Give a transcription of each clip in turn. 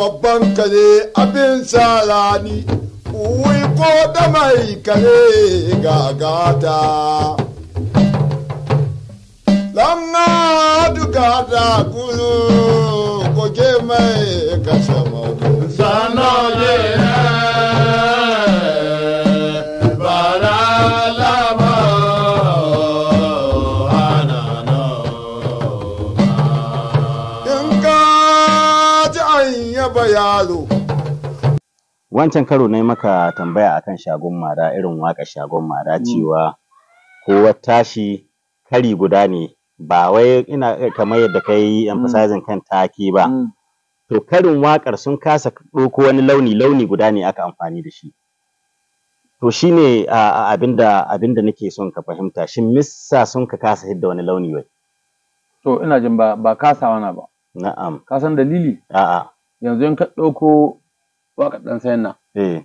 babban kare abin sarani gagata lamma duka da kuru koke mai kasa wancan karo na maka tambaya akan shagon mara irin waƙa shagon mara mm. cewa kowa tashi kari guda ne ba wai ina kamar yadda ka yi mm. emphasizing kan take ba mm. to karin waƙar sun kasa ɗauko wani launi launi guda ne aka amfani da shi to shine abinda abinda nake son ka fahimta shin missa sun ka kasa hidda wani launi wai to ina jin ba ba kasawa na ba na'am ka san dalili a'a yanzu in ka ɗauko waƙar ɗan sayan nan eh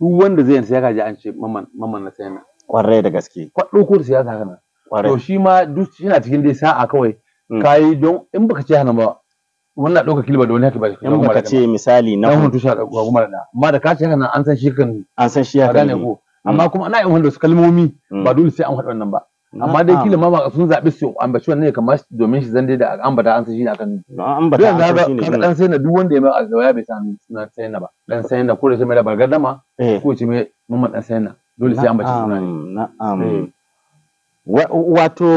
duk wanda zai sai ka ji an ce maman na sai kwarai da gaske kwaɗo ko siyasa haka nan kwarai to shi ma duk yana cikin dai sa'a kawai mm. kayi don in baka ce hana ba wannan ɗauka kilba da wani haka ba in baka ce misali na hutu sha ɗauka goma da amma da ka ce haka an san shi kan an san shi haka ne mm. amma kuma ana yin wanda su kalmomi mm. ba dole sai an faɗi wannan ba amma dai kila ma sun zaɓi su ambaci wannan ne kamar domin shi zan da ambata an shi ne akan ambata an shi ne kaga dan sai na duk wanda ya mai azawaya bai san suna sai na ba dan sai na ko sai mai da bargadama eh. ko ce mai mamman dan sai na dole sai ambaci suna ne na'am eh. wato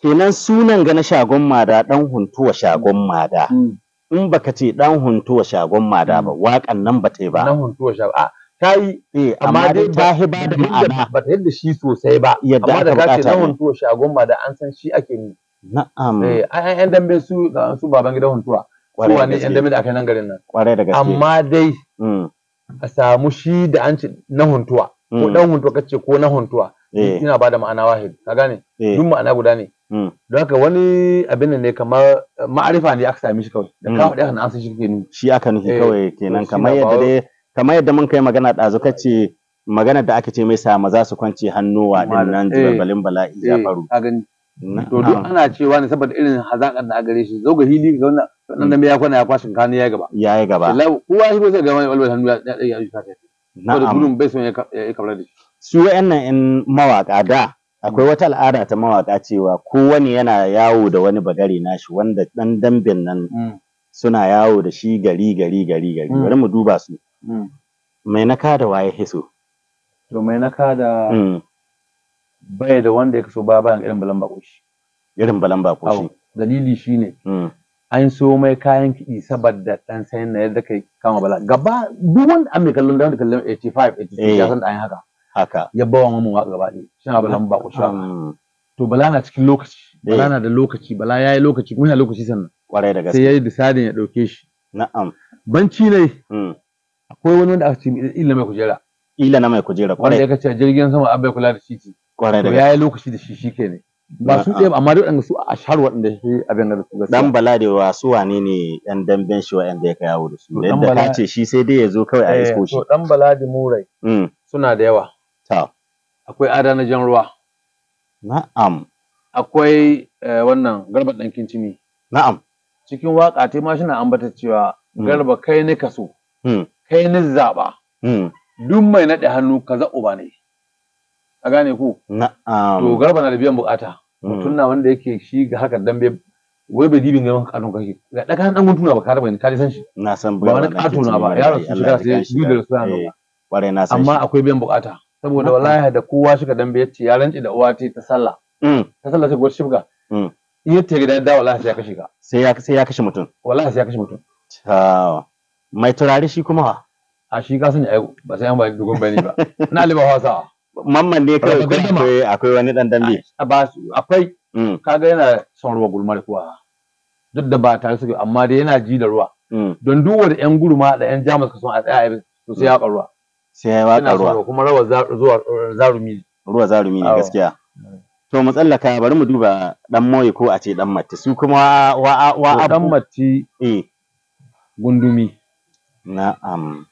kenan sunan ga na shagon mada dan huntuwa shagon mada mm. in baka ce dan huntuwa shagon mada ba mm. waƙan nan ba ta ba dan huntuwa shagon ta yi eh, amma dai ta hi ba da ma'ana ba ta yadda shi sosai ba amma da ka ce nahun tuwa shagon ma da an san shi ake ni na'am eh ai dambe su su baban gidan huntuwa su wane yan dambe da aka nan garin nan kwarai da gaske amma dai mm. a samu shi da an ce na huntuwa ko mm. dan huntuwa kace ko na huntuwa eh. ina ba da ma'ana wahid ka gane eh. duk ma'ana guda ne mm. don haka wani abin ne kamar ma'arifa ne aka same shi kawai da ka da an san shi kake ni shi aka nufi kawai kenan kamar yadda dai kamar yadda mun kai magana ɗazu ka ce magana da aka ce mai sa maza su kwance wa ɗin nan jibalbalin eh, bala'i ya eh, faru to duk ana cewa ne saboda irin hazaƙar da gare shi zo ga hili ga wannan nan mm. ya kwana ya kwashin kanu ya gaba ya yi gaba kowa shi bai sai ga wani walwal hannu ya ya yi fata na'am saboda gudun bai son ya kabla da shi su wayannan in mawaƙa da akwai wata al'ada ta mawaƙa cewa kowane yana yawo da wani bagare nashi wanda ɗan dambin nan mm. suna yawo da shi gari gari gari gari mm. bari mu duba su mai hmm. da kada waye hiso to mai na kada hmm. bai da wanda ya kaso ba bayan irin balan bakoshi irin balan bakoshi dalili shine hmm. an so mai kayan kiɗi saboda ɗan sayan na yadda kai kama bala gaba duk wanda an mai kallon da wanda kallon 85 86 eh. ya san da an haka haka ya bawa mamu waka gaba ɗaya shi na lamba bako shi to bala na cikin lokaci eh. bala na da lokaci bala ya yi lokaci kuma yana lokaci sannan kwarai da gaske sai ya yi disadin ya ɗauke shi na'am banci ne akwai wani wanda aka ce illa mai kujera ila na mai kujera kwarai wanda ya kace jirgin sama an bai kula da ce kwarai da yayi lokaci da shi shike ne ba su ɗaya amma duk waɗanda su a shahar waɗanda shi abin da su gaskiya dan bala da wa su wane ne yan damben shi waɗanda ya kawo da su yadda ta ce shi sai dai ya zo kawai a isko shi eh, to dan bala da murai mm. suna da yawa ta akwai adana jan ruwa na'am akwai eh, wannan garba dan kincimi na'am cikin waka ta ma shi na ambata cewa mm. garba kai ne kaso mm. kai ni zaba. Hmm. Duk mai naɗe hannu ka za uba ne. A gane ku? Na'am. To garba na da biyan bukata. Hmm. Mutum na wanda yake shi ga haka dambe wai bai dibin gaban kanun kake ga daga mun tuna ba ka rabai ni ka san shi na san ba wani kato na ba rasu shi shiga sai biyu da rasu na ware na san amma akwai biyan bukata saboda wallahi da kowa shiga dambe yace ya rance da uwa ta ta sallah hmm. ta sallah sai gwar shibga in yace gidan da wallahi sai ya kashe ka sai ya sai ya kashe mutum wallahi sai ya kashe mutum mai turare shi kuma wa a shi ka sani ai ba sai an ba dogon bane ba Na liba hausa mamman ne kawai akwai akwai wani dan dambe ba akwai mm. kaga yana son ruwa gulmar kuwa duk da ba tare suke amma dai yana ji da ruwa mm. don duwa da yan gurma da yan jamus ka son a tsaya su sai ya karuwa sai ya waka ruwa kuma rawa zuwa zarumi ruwa zarumi ne gaskiya mm. to mu tsallaka bari mu duba dan moye ko a ce dan matti su kuma wa wa wa dan matti eh gundumi Na'am.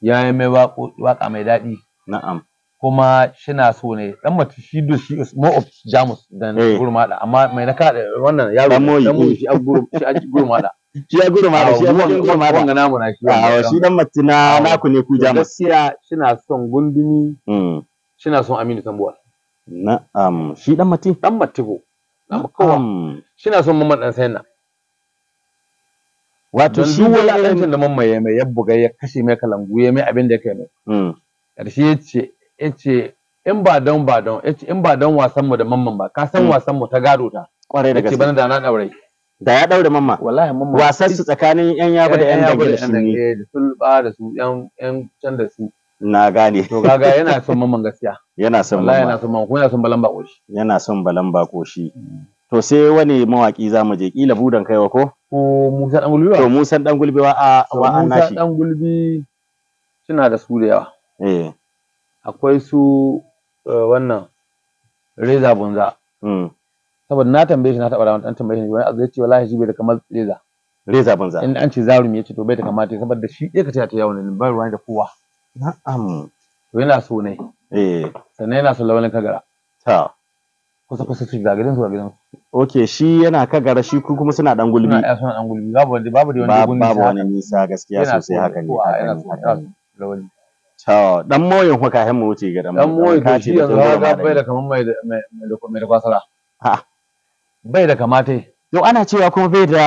Ya mai waƙa mai daɗi. Na'am. Kuma shina so ne ɗan mace shi do shi is more of Jamus than eh. Gurmada amma mai na kaɗa wannan yaro Ɗan moyi shi a Gurmada. Shi a Gurmada shi a Gurmada. Wanga namu na shi. ɗan shi ɗan mace na naku ne ku Jamus. Gaskiya shina son gundumi. Hmm. Shina son Aminu Tambuwal. Na'am shi ɗan mace. Ɗan mace ko. Na'am. Shina son Mamman Dan Sayyidina. wato shi Ɗan wulaƙancin da mamaye mai ya buga ya kashe mai kalangu ya mai abin da ya kai mai ƙarshe hmm. ya ce ya ce in ba don ba don ya ce in ba don wasan mu da mamman ba ka san hmm. wasan mu ta gado ta kwarai da gaske bana da na daure da ya daure mamma wallahi mamma wasan su tsakanin yan yaba da yan dangi eh, da su ne sun ba da su yan yan can da su na gane to gaga yana son mamman gaskiya yana son mamman yana son Mamman kuma yana son balan bakoshi yana son balan bakoshi hmm. to sai wani mawaki zamu je kila budan kaiwa ko ko Musa dan gulbi ba to Musa dan gulbi ba a ba an nashi Musa dan gulbi suna da su da yawa eh akwai su eh, wannan Reza Bunza hmm. saboda na tambaye shi na taɓa rawar dan tambaye shi wani azai ce wallahi shi bai da kamar Reza Reza Bunza in an ce zarumi ce, to bai da kamata saboda shi ɗaya ka ta ne ba ruwan da kowa na'am to yana so ne eh sannan yana so Lawan kagara ta kusa kusa su ga su ga gidan okay shi yana ka gara shi ku kuma suna dan gulbi suna suna dan gulbi babu wani babu wani wanda gulbi babu wani nisa gaskiya sosai haka ne to dan moyin fa kayan mu wuce ga dan dan moyin ka ce yanzu ga bai da kaman mai mai da kwasara ha bai da kamata yau ana cewa kuma bai da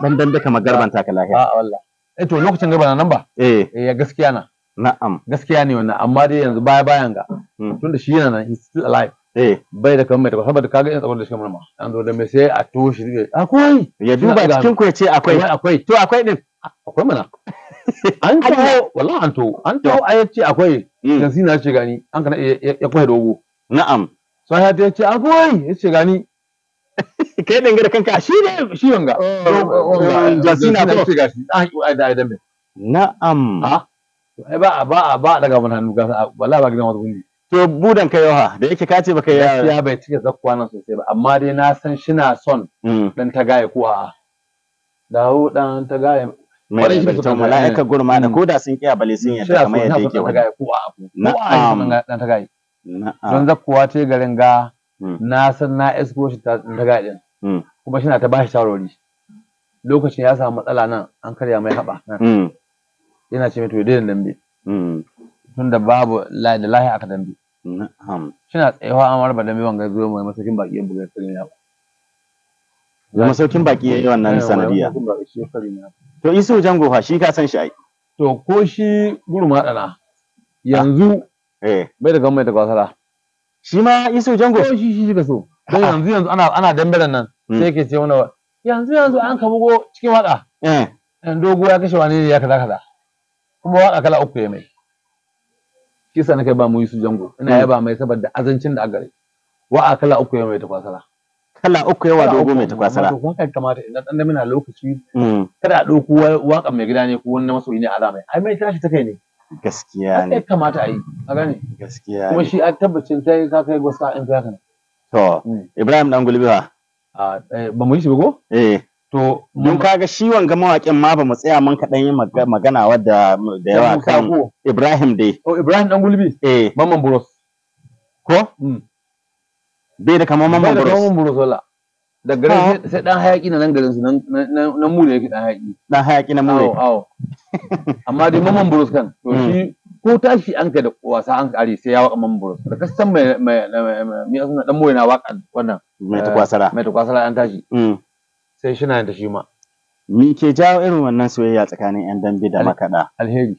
dan dan da kamar garban taka lafiya a wallahi eh to lokacin garban nan ba eh. eh ya gaskiya na na'am gaskiya ne wannan amma dai yanzu baya bayan ga hmm. tunda shi yana nan he's still alive eh bai da kan mai tabbata saboda kaga ina tsabar da shi kamar ma an zo da mai sai a toshe ne akwai ya duba cikin ku ya ce akwai akwai to akwai din akwai mana an taho wallahi an to. an taho a yace akwai dan sina ce gani an kana ya kwai dogo na'am sai ya ce akwai ya ce gani kai dangane da kanka shi ne shi yanga jasina ko ce gashi an yi da da me na'am ba ba ba daga mun hannu ga wallahi ba gidan wasu To budan ka yawa da yake kace baka yi ya bai cika zakkuwa nan sosai ba amma dai na san shina son dan hmm. ta gaye ko a'a. Dawo dan ta gaya mai da mala'ika gurma da hmm. koda sun kiya bale sun ta kamar yadda yake wani. Shina son dan ta a, Don zakkuwa ce garin ga hmm. na san na esko shi ta ta gaya din. Kuma shina ta bashi shawarwari. Lokacin ya samu matsala nan an karya mai haɓa. Yana ce mai to dai dambe. tunda babu da lahi aka dambe na'am shina tsayawa an marba dambe wanga zuwa mai masaukin baki ya buga sirri na ya masaukin baki ya yi wannan sanadiya to isu jango fa shi ka san shi ai to ko shi gurma dana yanzu eh bai da gamai da kwasara shi ma isu jango ko shi shi ka so don ah. yanzu yanzu ana ana dambe nan hmm. sai ke ce wani yanzu yanzu an ka bugo cikin wada eh dogo ya kashe wani ne ya kaza kaza kuma wada kala uku ya mai shi yasa nake ba mu yi su jango ina hmm. yaba mai saboda azancin da agare wa a kala uku yawa mai takwasara kala uku yawa dogo mai takwasara kun kai kamata idan dan damina lokaci hmm. kada a dauko wakan mai gida ne ko wani masoyi ne alama. ai mai tashi ta kai ne gaskiya ne kamata a yi a gane gaskiya kuma shi a tabbacin sai ka kai gwasa in ka to hmm. ibrahim dan gulbiwa eh, ba mu yi shi ba ko eh to mun kaga shi wanga mawaƙin ma ba mu tsaya mun kaɗan yi magana wadda da yawa kan Ibrahim dai oh Ibrahim dan gulbi eh mamman buros ko bai da kamar mamman buros da mamman buros wala da garin sai dan hayaki na nan garin su nan nan mu ne yake dan hayaki dan hayaki na mu ne awo amma dai mamman buros kan to shi ko tashi an ka da wasa an kare sai ya waka Buros. da kasan mai mai mai mai dan moyana waka wannan mai tukwasara mai tukwasara an tashi sai shi na da shi ma me ke jawo irin wannan soyayya tsakanin yan dambe da makaɗa alheri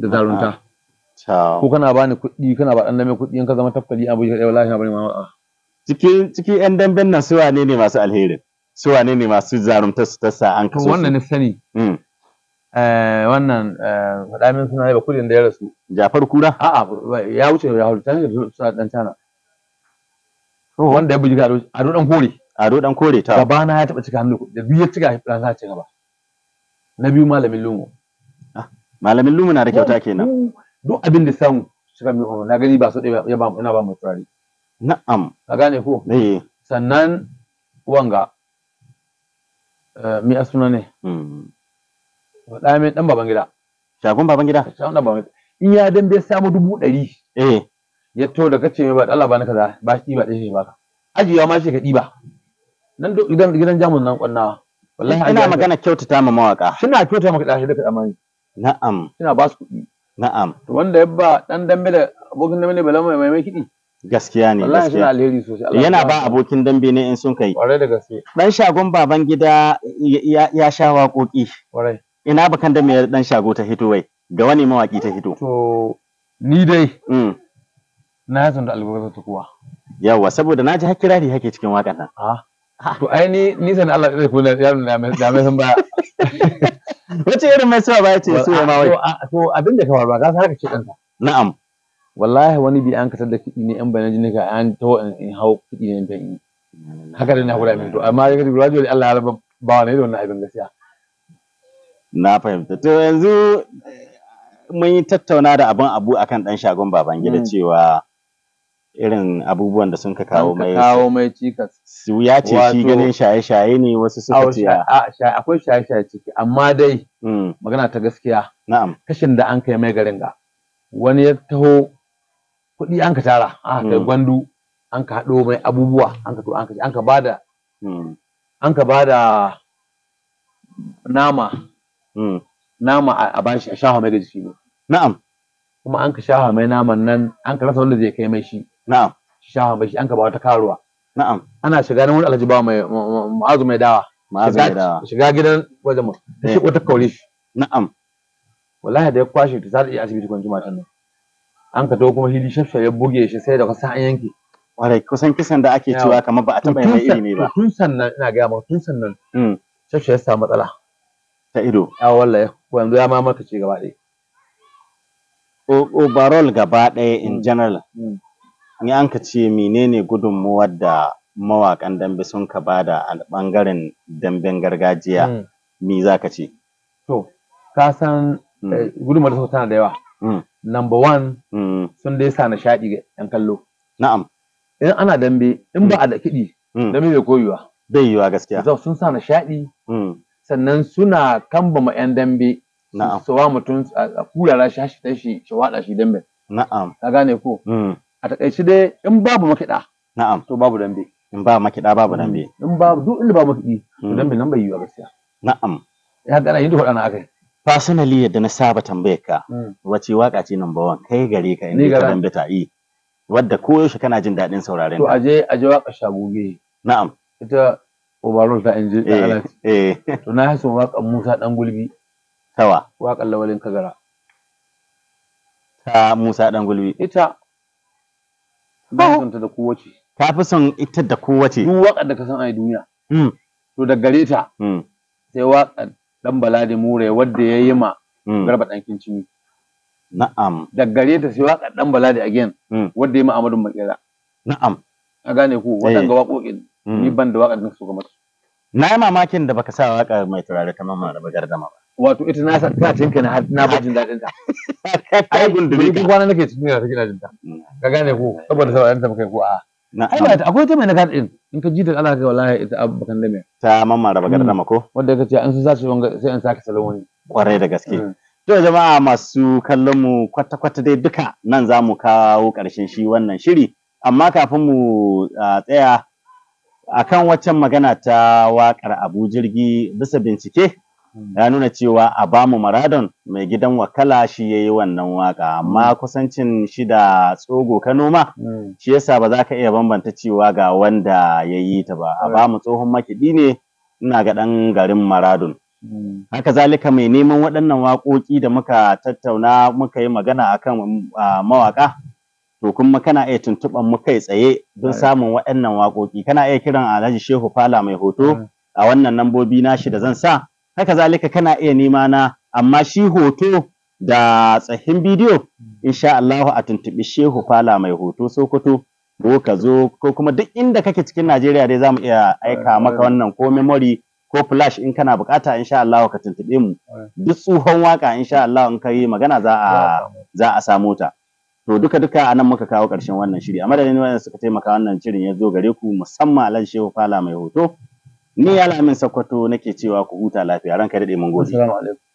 da zarunta ko ah, kana ba ni kuɗi kana ba ɗan dambe kuɗi in ka zama tafkali abu ya wallahi na bari ma cikin cikin yan damben nan su wane ne masu alheri, su wane ne masu zarunta su tasa an kaso wannan ni sani hmm. eh, wannan eh, faɗa min suna ba kudin da ya rasu jafar kura a'a ya wuce ya ta ne da suna ɗan cana. Oh. wanda ya buji a dudan kore Ado dan kore ta. Gaba na ya taba cika hannu da biyu ya cika ran sa ci gaba. Na biyu malamin lumo. Ah, malamin lumo na da kyauta kenan. Duk abin da samu suka mi na gani ba su da ya ba ina ba mu turare. Na'am. Ka gane ko? Eh. Sannan wanga eh, mi a ne. ne. Hmm. Ɗaya mai dan baban gida. Shagun baban gida? Shagun baban gida. In ya dan bai samu dubu ɗari. Eh. Ya to da kace mai ba Allah ba naka ba shi ba ɗaya shi ba ka. ma shi ka ɗiba. nan gidan gidan jamus nan kwanna wallahi ina magana kyautata ma mawaka suna kyautata maka dashi duka amani na'am suna ba su kuɗi na'am to wanda ya ba dan dambe da abokin dambe ne bala mai mai kidi gaskiya ne wallahi suna alheri sosai yana ba abokin dambe ne in sun kai kwarai da gaske dan shagon baban gida ya sha waƙoƙi kwarai ina bakan da mai dan shago ta hito wai ga wani mawaki ta hito to ni dai mm. na zan da albarkatu kuwa yawa saboda na ji har kirari hake cikin waƙar nan ah. to ai ni nisan Allah zai kuna yaron na mai san ba wace irin mai suwa ba ce suwa ma wai to abin da ka faru ka san haka ce kanka na'am wallahi wani bi an ka tada kudi ne an bayan jini ka an to in hau kudi ne dan haka da na hura min to amma ga radio Allah ya raba ba wani da wannan abin gaskiya na fahimta to yanzu mun yi tattauna da abin abu akan dan shagon babangida hmm. cewa irin abubuwan da sun ka kawo mai kawo mai cikas wuya ce shi ganin shaye-shaye ne wasu suka ce akwai shaye-shaye ciki amma dai magana ta gaskiya na'am kashin da an kai mai garin ga wani ya taho kuɗi an ka tara an ka gwandu an ka haɗo mai abubuwa an ka to an ka an ka bada an ka bada nama nama a bashi a shafa mai ga ne na'am kuma an ka shafa mai naman nan an ka rasa wanda zai kai mai shi na'am shafa mai shi an ka ba wata karuwa na'am ana shiga nan wani alhaji ba mai ma'azu mai dawa ma'azu mai dawa shiga gidan wajen mu shi eh. wata kauri. na'am wallahi da ya kwashe ta sai a asibiti kwanci juma'a nan an ka tawo kuma hili shafsha ya buge shi sai da kusan an yanke kwarai kusan kisan da ake cewa kamar ba a taɓa mai iri ne ba tun sannan ina ga maka tun sannan mm. shafsha ya samu matsala ta ido a wallahi yanzu ya ma maka ce gaba ɗaya overall gaba ɗaya in mm. general mm. in an ka ce menene gudunmuwar da mawaƙan dambe sun ka bada a ɓangaren damben gargajiya mm. me za ka ce? To, ka san mm. eh, gudunmuwar da tana da yawa. Mm. Number one sun dai sa nishaɗi ga ƴan kallo. Na'am. In ana dambe, in ba a da kiɗi, dambe bai koyuwa. Bai yiwa gaskiya. Zau sun sa nishaɗi, sannan suna kambama ƴan dambe. Na'am. Su wa mutum a kura shi, shi, shi waɗa shi dambe. Na'am. Ka gane ko? a takaice dai in babu makiɗa na'am to babu dambe in ba makiɗa babu dambe in babu duk inda babu makiɗi to hmm. dambe nan bai wa gaskiya na'am ya ga yin duka na akai personally yadda na saba tambayar ka hmm. wace waka ce number one kai gare ka inda ka dambe ta yi wadda koyaushe kana jin daɗin sauraren to aje aje waka shagoge na'am ita overall ta inji da alat eh to na haso wakan Musa dan gulbi tawa wakan lawalin kagara ta Musa dan gulbi ita ba da kowace fi son ita da kowace duk waƙar da ka san a duniya hmm. to da gare ta hmm. sai waƙar dan balade Mure wadda ya yi ma hmm. garba ɗankin cini na'am da gare ta sai waƙar dan balade again wadda ya yi ma amadu makera na'am a gane ku eh. waɗanga waƙoƙin ni ban da waƙar da su ga mata na yi mamakin da baka sa waƙar mai turare kamar mamma da ba wato ita na san tana tinka na na ba jin dadin ta ai ka kwana nake cikin ta kina jin ta ka gane ko mm. saboda sauraron ta baka ko a ai ba akwai ta mai na gadin in ka ji da Allah wala wallahi ita abu bakan da mai ta mammara bagar da mako mm. wanda kace an sun zaci wanga sai an sake salon wani kwarai da gaske mm. to jama'a masu kallon mu kwata kwata dai duka nan za mu kawo karshen shi wannan shiri amma kafin mu tsaya akan waccan magana ta waƙar abu jirgi bisa bincike Hmm. ya nuna cewa a bamu maradon mai gidan wakala shi ya yi wannan waka amma hmm. kusancin shi da tsogo ka noma hmm. shi yasa ba za ka iya bambanta cewa ga wanda ya yi ta ba a bamu tsohon makiɗi ne ina ga ɗan garin maradon haka zalika mai neman waɗannan waƙoƙi da muka tattauna muka yi magana akan mawaƙa to kuma kana iya tuntuɓan mu kai tsaye don samun waɗannan waƙoƙi kana iya kiran alhaji shehu fala mai hoto a wannan lambobi nashi da zan sa haka zalika kana iya nema na amma shi hoto da tsahin bidiyo insha Allah a tuntuɓi Shehu Fala mai hoto Sokoto ko ka zo ko kuma duk inda kake cikin Najeriya dai zamu iya aika maka wannan ko memory ko flash in kana bukata insha Allah ka tuntube mu duk tsohon waka insha Allah in kai magana za a za a samu ta to duka duka anan muka kawo karshen wannan shiri a madadin wannan suka taimaka wannan shirin ya zo gare ku musamman Alan Shehu Fala mai hoto Ni min Sokoto nake cewa ku huta lafiya ranka daɗe mun gode. Assalamu alaikum.